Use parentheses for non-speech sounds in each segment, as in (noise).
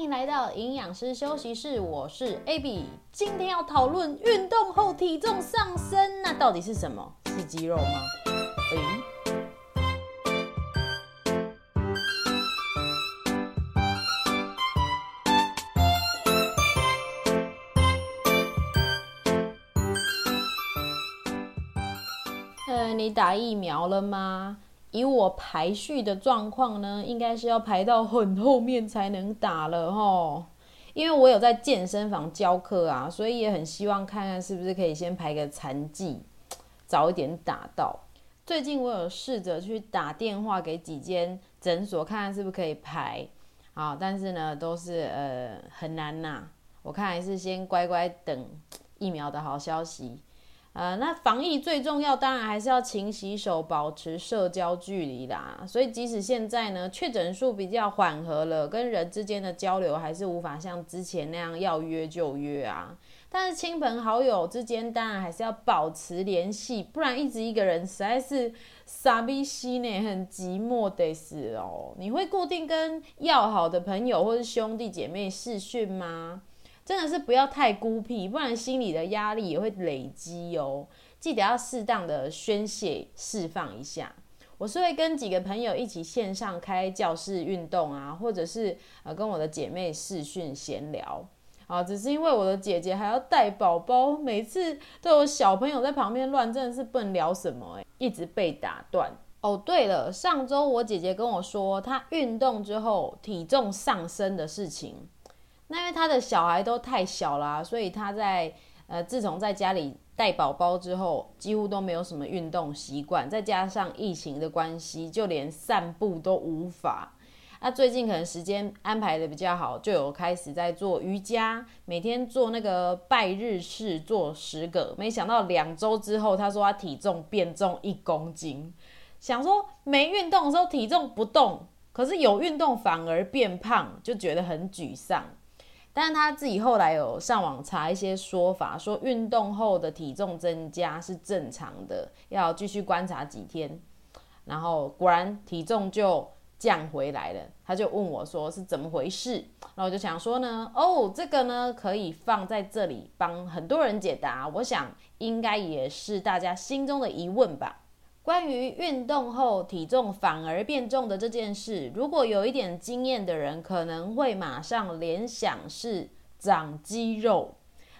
歡迎來到營養師休息室，我是 Abby，今天要討論運動後體重上升，那到底是什麼？是肌肉嗎？哎、欸嗯，你打疫苗了嗎？以我排序的狀況呢，應該是要排到很後面才能打了吼，因為我有在健身房教課啊，所以也很希望看看是不是可以先排個殘劑，早一點打到。最近我有試着去打電話給幾間診所看看是不是可以排，好，但是呢都是呃很難吶，我看還是先乖乖等疫苗的好消息。呃，那防疫最重要，當然還是要勤洗手，保持社交距離啦。所以即使現在呢，確診數比較緩和了，跟人之間的交流還是無法像之前那樣要約就約啊。但是親朋好友之間，當然還是要保持聯繫，不然一直一個人實在是さびしいね，很寂寞的事哦。你會固定跟要好的朋友或是兄弟姐妹視訊嗎？真的是不要太孤僻，不然心理的壓力也會累積哦。記得要適當的宣洩、釋放一下。我是會跟幾個朋友一起線上開教室運動啊，或者是呃跟我的姐妹視訊閒聊。啊。只是因為我的姐姐還要帶寶寶，每次都有小朋友在旁邊亂，真的是不能聊什麼欸，一直被打斷。哦，對了，上周我姐姐跟我說，她運動之後體重上升的事情。那因為他的小孩都太小啦，啊，所以他在呃自從在家裡帶寶寶之後，幾乎都沒有什麼運動習慣。再加上疫情的關係，就連散步都無法。那最近可能時間安排得比較好，就有開始在做瑜伽，每天做那個拜日式做十個。沒想到兩周之後，他說他體重變重一公斤。想說沒運動的時候體重不動，可是有運動反而變胖，就覺得很沮喪。但他自己後來有上網查一些說法，說運動後的體重增加是正常的，要繼續觀察幾天，然後果然體重就降回來了。他就問我說：“是怎麼回事？”然後我就想說呢：“哦，這個呢可以放在這裡幫很多人解答，我想應該也是大家心中的疑問吧。”關於運動後體重反而變重的這件事，如果有一點經驗的人，可能會馬上聯想是長肌肉。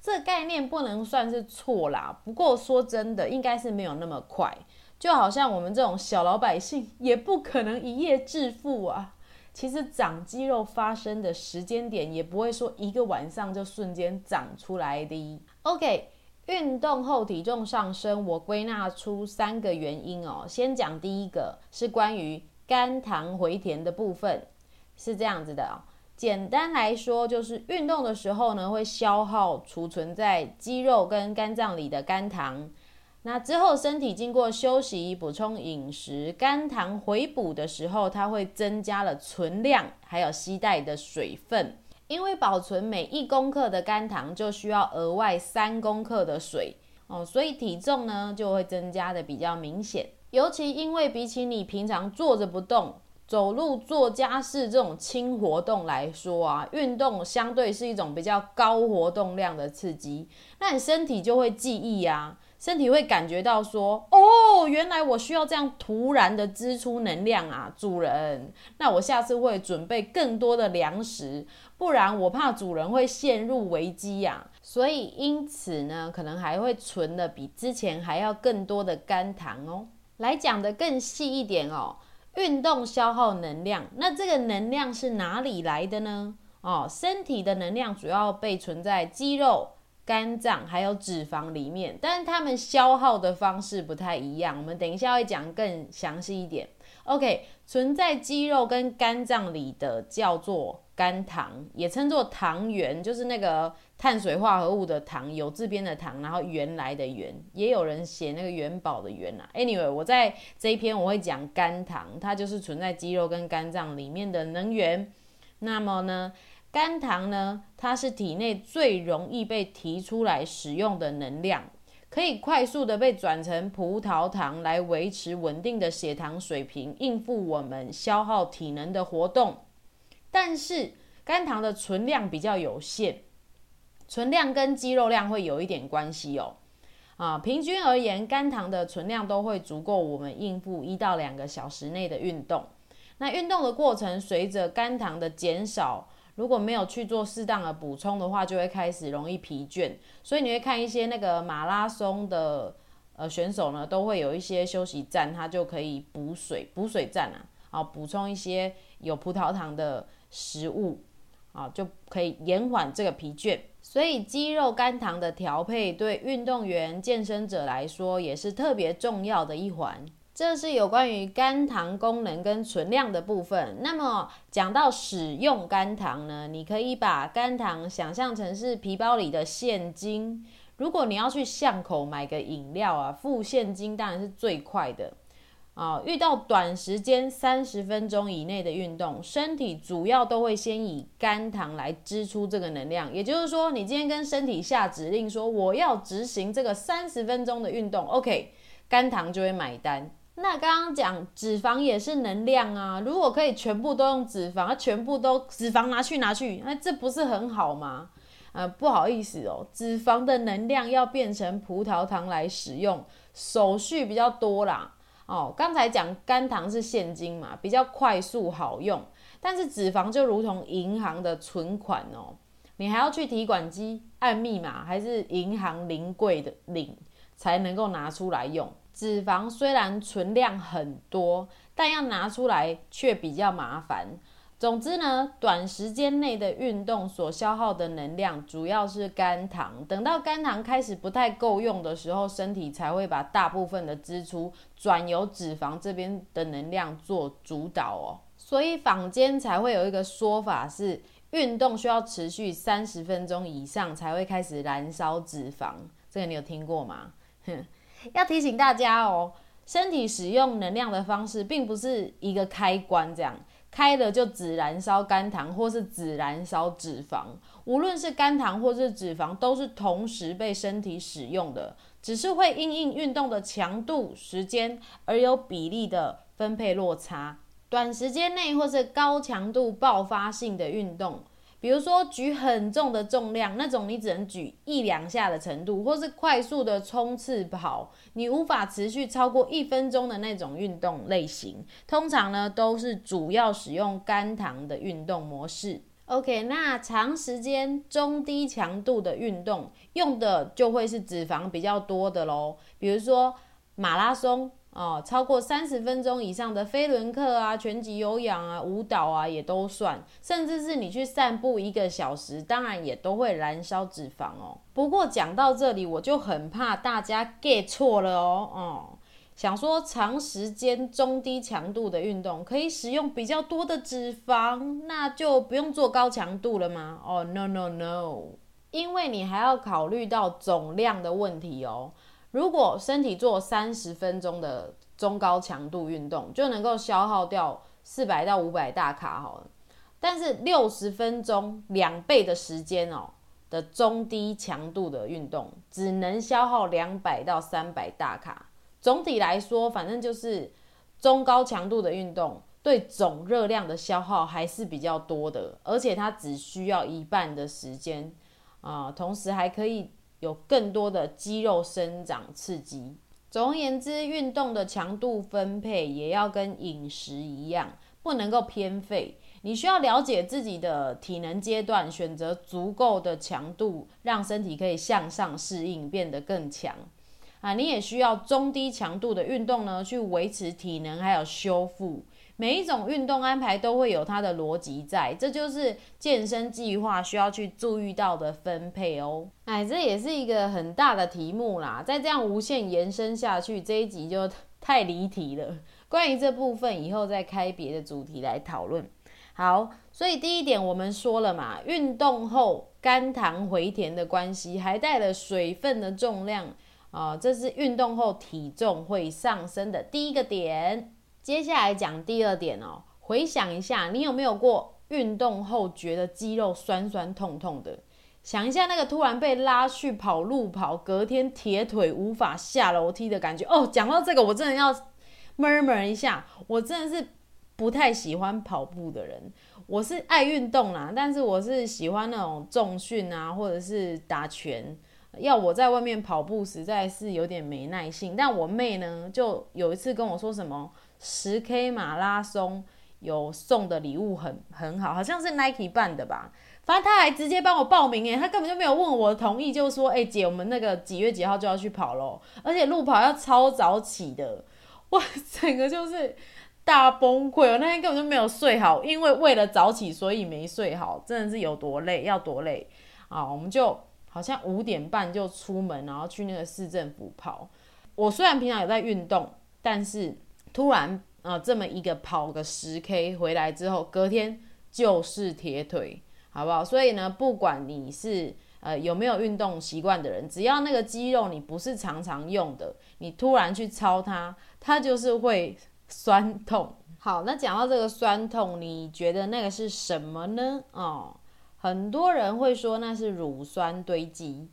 這個概念不能算是錯啦。不過說真的，應該是沒有那麼快。就好像我們這種小老百姓，也不可能一夜致富啊。其實長肌肉發生的時間點，也不會說一個晚上就瞬間長出來的。OK。運動後體重上升，我歸納出三個原因哦。先講第一個，是關於肝糖回填的部分，是這樣子的哦。簡單來說，就是運動的時候呢，會消耗儲存在肌肉跟肝臟裡的肝糖，那之後身體經過休息、補充飲食，肝糖回補的時候，它會增加了存量，還有攜帶的水分。因為保存每一公克的肝糖就需要額外三公克的水哦，所以體重呢就會增加的比較明顯。尤其因為比起你平常坐着不動、走路、做家事這種輕活動來說啊，運動相對是一種比較高活動量的刺激，那你身體就會記憶啊。身體會感覺到說：“哦，原來我需要這樣突然的支出能量啊，主人。那我下次會準備更多的糧食，不然我怕主人會陷入危機呀、啊。所以，因此呢，可能還會存得比之前還要更多的肝糖哦。來講得更細一點哦，運動消耗能量，那這個能量是哪裡來的呢？哦，身體的能量主要被存在肌肉。”肝臟還有脂肪裡面，但是它們消耗的方式不太一樣。我們等一下會講更詳細一點。OK，存在肌肉跟肝臟裡的叫做肝糖，也稱作糖原，就是那個碳水化合物的糖，有字邊的糖，然後原來的原，也有人寫那個元寶的元啊，Anyway，我在這一篇我會講肝糖，它就是存在肌肉跟肝臟裡面的能源。那麼呢？肝糖呢，它是體內最容易被提出來使用的能量，可以快速地被轉成葡萄糖來維持穩定的血糖水平，應付我們消耗體能的活動。但是肝糖的存量比較有限，存量跟肌肉量會有一點關係哦。啊，平均而言，肝糖的存量都會足夠我們應付一到兩個小時內的運動。那運動的過程，隨着肝糖的減少，如果沒有去做適當的補充的話，就會開始容易疲倦。所以你會看一些那個馬拉松的呃選手呢，都會有一些休息站，他就可以補水、補水站啊，啊補充一些有葡萄糖的食物啊，就可以延緩這個疲倦。所以肌肉肝糖的調配對運動員、健身者來說也是特別重要的一環。這是有關於肝糖功能跟存量的部分。那麼講到使用肝糖呢，你可以把肝糖想象成是皮包裡的現金。如果你要去巷口買個飲料啊，付現金當然是最快的啊。遇到短時間三十分鐘以內的運動，身體主要都會先以肝糖來支出這個能量。也就是說，你今天跟身體下指令說我要執行這個三十分鐘的運動，OK，肝糖就會買單。那剛剛講脂肪也是能量啊，如果可以全部都用脂肪，全部都脂肪拿去拿去，那這不是很好嗎？呃，不好意思哦，脂肪的能量要變成葡萄糖來使用，手續比較多啦。哦，剛才講肝糖是現金嘛，比較快速好用，但是脂肪就如同銀行的存款哦，你還要去提款機按密碼，還是銀行臨櫃的領。才能夠拿出來用。脂肪雖然存量很多，但要拿出來卻比較麻煩。總之呢，短時間內的運動所消耗的能量主要是肝糖，等到肝糖開始不太夠用的時候，身體才會把大部分的支出轉由脂肪這邊的能量做主導哦。所以坊間才會有一個說法是，運動需要持續三十分鐘以上才會開始燃燒脂肪。這個你有聽過嗎？ (laughs) 要提醒大家哦，身體使用能量的方式並不是一個開關，這樣開了就只燃燒肝糖或是只燃燒脂肪。無論是肝糖或是脂肪，都是同時被身體使用的，只是會因應運動的強度、時間而有比例的分配落差。短時間內或是高強度爆發性的運動，比如說舉很重的重量那種，你只能舉一兩下的程度，或是快速的衝刺跑，你無法持續超過一分鐘的那種運動類型，通常呢都是主要使用肝糖的運動模式。OK，那長時間中低強度的運動用的就會是脂肪比較多的嘍，比如說馬拉松。哦，超過三十分鐘以上的飛輪課啊、拳擊有氧啊、舞蹈啊，也都算。甚至是你去散步一個小時，當然也都會燃燒脂肪哦。不過講到這裡，我就很怕大家 get 錯了哦。哦、嗯，想說長時間中低強度的運動可以使用比較多的脂肪，那就不用做高強度了嗎？哦，no no no，因為你還要考慮到總量的問題哦。如果身體做三十分鐘的中高強度運動，就能夠消耗掉四百到五百大卡好了。但是六十分鐘兩倍的時間哦，的中低強度的運動，只能消耗兩百到三百大卡。總體來說，反正就是中高強度的運動對總熱量的消耗還是比較多的，而且它只需要一半的時間啊，呃，同時還可以。有更多的肌肉生長刺激。總而言之，運動的強度分配也要跟飲食一樣，不能夠偏廢。你需要了解自己的體能階段，選擇足夠的強度，讓身體可以向上適應，變得更強。啊，你也需要中低強度的運動呢，去維持體能還有修復。每一種運動安排都會有它的邏輯在，這就是健身計劃需要去注意到的分配哦。哎，這也是一個很大的題目啦。再這樣無限延伸下去，這一集就太離題了。關於這部分，以後再開別的主題來討論。好，所以第一點我們說了嘛，運動後肝糖回填的關係，還帶了水分的重量啊，呃，這是運動後體重會上升的第一個點。接下來講第二點喔，回想一下，你有沒有過運動後覺得肌肉酸酸痛痛的？想一下那個突然被拉去跑路跑，隔天鐵腿無法下樓梯的感覺哦。講到這個，我真的要 murmur 一下，我真的是不太喜歡跑步的人。我是愛運動啦，但是我是喜歡那種重訓啊，或者是打拳。要我在外面跑步，實在是有點沒耐性。但我妹呢，就有一次跟我說什麼。十 k 馬拉松有送的禮物很很好，好像是 Nike 辦的吧？反正他還直接幫我報名、欸，哎，他根本就沒有問我同意，就說：“哎、欸、姐，我們那個幾月幾號就要去跑嘍？”而且路跑要超早起的，哇，整個就是大崩潰！我那天根本就沒有睡好，因為為了早起，所以沒睡好，真的是有多累要多累啊！我們就好像五點半就出門，然後去那個市政府跑。我雖然平常也在運動，但是。突然，啊、呃，這麼一個跑個十 K 回來之後，隔天就是鐵腿，好不好？所以呢，不管你是呃有沒有運動習慣的人，只要那個肌肉你不是常常用的，你突然去操它，它就是會酸痛。好，那講到這個酸痛，你覺得那個是什麼呢？哦，很多人會說那是乳酸堆積。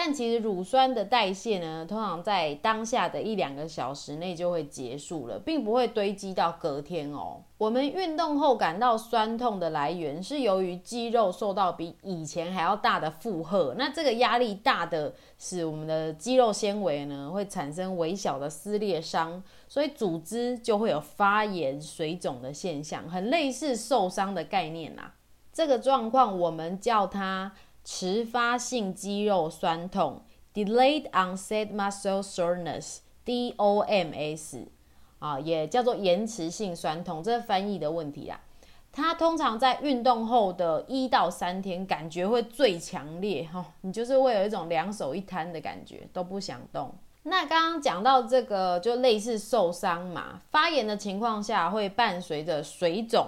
但其實乳酸的代謝呢，通常在當下的一兩個小時內就會結束了，並不會堆積到隔天哦。我們運動後感到酸痛的來源，是由於肌肉受到比以前還要大的負荷，那這個壓力大的使我們的肌肉纖維呢，會產生微小的撕裂傷，所以組織就會有發炎、水腫的現象，很類似受傷的概念吶、啊。這個狀況我們叫它。遲發性肌肉酸痛 （Delayed onset muscle soreness，DOMS） 啊，也叫做延遲性酸痛。這是翻譯的問題啦，它通常在運動後的一到三天，感覺會最強烈，啊，你就是會有一種兩手一攤的感覺，都不想動。那剛剛講到這個，就類似受傷嘛，發炎的情況下會伴隨着水腫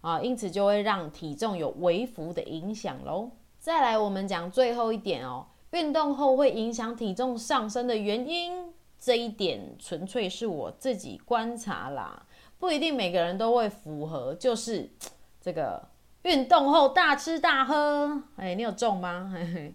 啊，因此就會讓體重有微幅的影響嘍。再來，我們講最後一點哦，運動後會影響體重上升的原因。這一點純粹是我自己觀察啦，不一定每個人都會符合。就是這個運動後大吃大喝，哎，你有中嗎？ (laughs)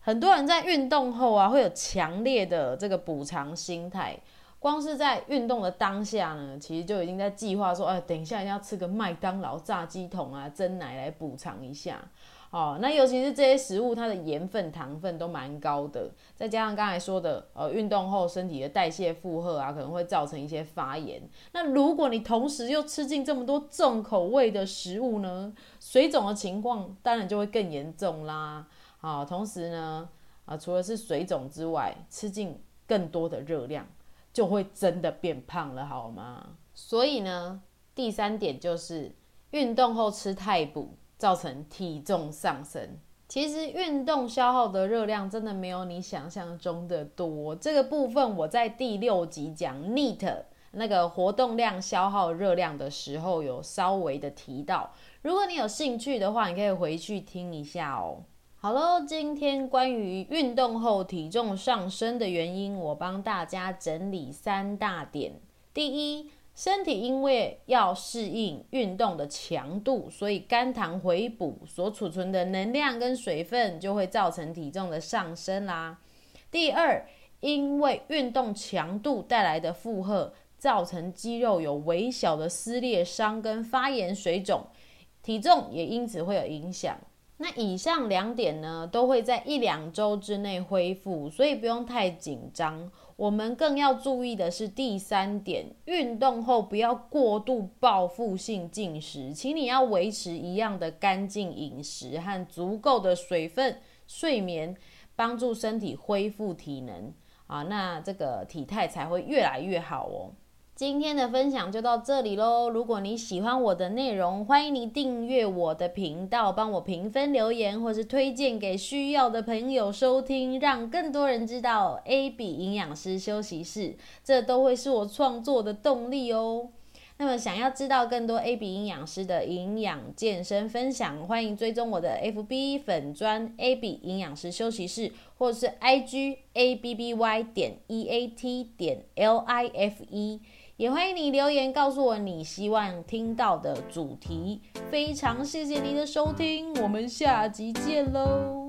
很多人在運動後啊，會有強烈的這個補償心態。光是在運動的當下呢，其實就已經在計劃說，哎，等一下一定要吃個麥當勞炸雞桶啊，珍奶來補償一下。哦，那尤其是這些食物，它的鹽分、糖分都蠻高的，再加上剛才說的，呃，運動後身體的代謝負荷啊，可能會造成一些發炎。那如果你同時又吃進這麼多重口味的食物呢，水腫的情況當然就會更嚴重啦。好、哦，同時呢，啊、呃，除了是水腫之外，吃進更多的熱量，就會真的變胖了，好嗎？所以呢，第三點就是運動後吃太補，造成體重上升，其實運動消耗的熱量真的沒有你想象中的多。這個部分我在第六集講 NEAT 那個活動量消耗熱量的時候有稍微的提到，如果你有興趣的話，你可以回去聽一下哦。好囉，今天關於運動後體重上升的原因，我幫大家整理三大點。第一，身體因為要適應運動的強度，所以肝糖回補所儲存的能量跟水分，就會造成體重的上升啦。第二，因為運動強度帶來的負荷，造成肌肉有微小的撕裂傷跟發炎水腫，體重也因此會有影響。那以上兩點呢，都會在一兩週之內恢復，所以不用太緊張。我們更要注意的是第三點：運動後不要過度報復性進食，請你要維持一樣的乾淨飲食和足夠的水分、睡眠，幫助身體恢復體能啊，那這個體態才會越來越好哦。今天的分享就到這裡嘍！如果你喜歡我的內容，歡迎你訂閱我的頻道，幫我評分、留言，或是推薦給需要的朋友收聽，讓更多人知道 Abby 營養師休息室，這都會是我創作的動力哦！那麼想要知道更多 Abby 營養師的營養健身分享，歡迎追蹤我的 F B 粉專 Abby 營養師休息室，或是 I G A B B Y 點 E A T 點 L I F E，也歡迎你留言告訴我你希望聽到的主題。非常謝謝您的收聽，我們下集見嘍。